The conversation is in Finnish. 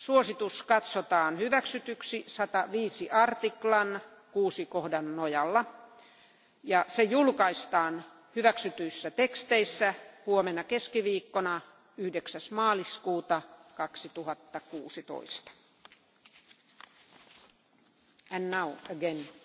suositus katsotaan hyväksytyksi sataviisi artiklan kuusi kohdan nojalla ja se julkaistaan hyväksytyissä teksteissä huomenna keskiviikkona yhdeksäs maaliskuuta kaksituhatta kuusitoista and now again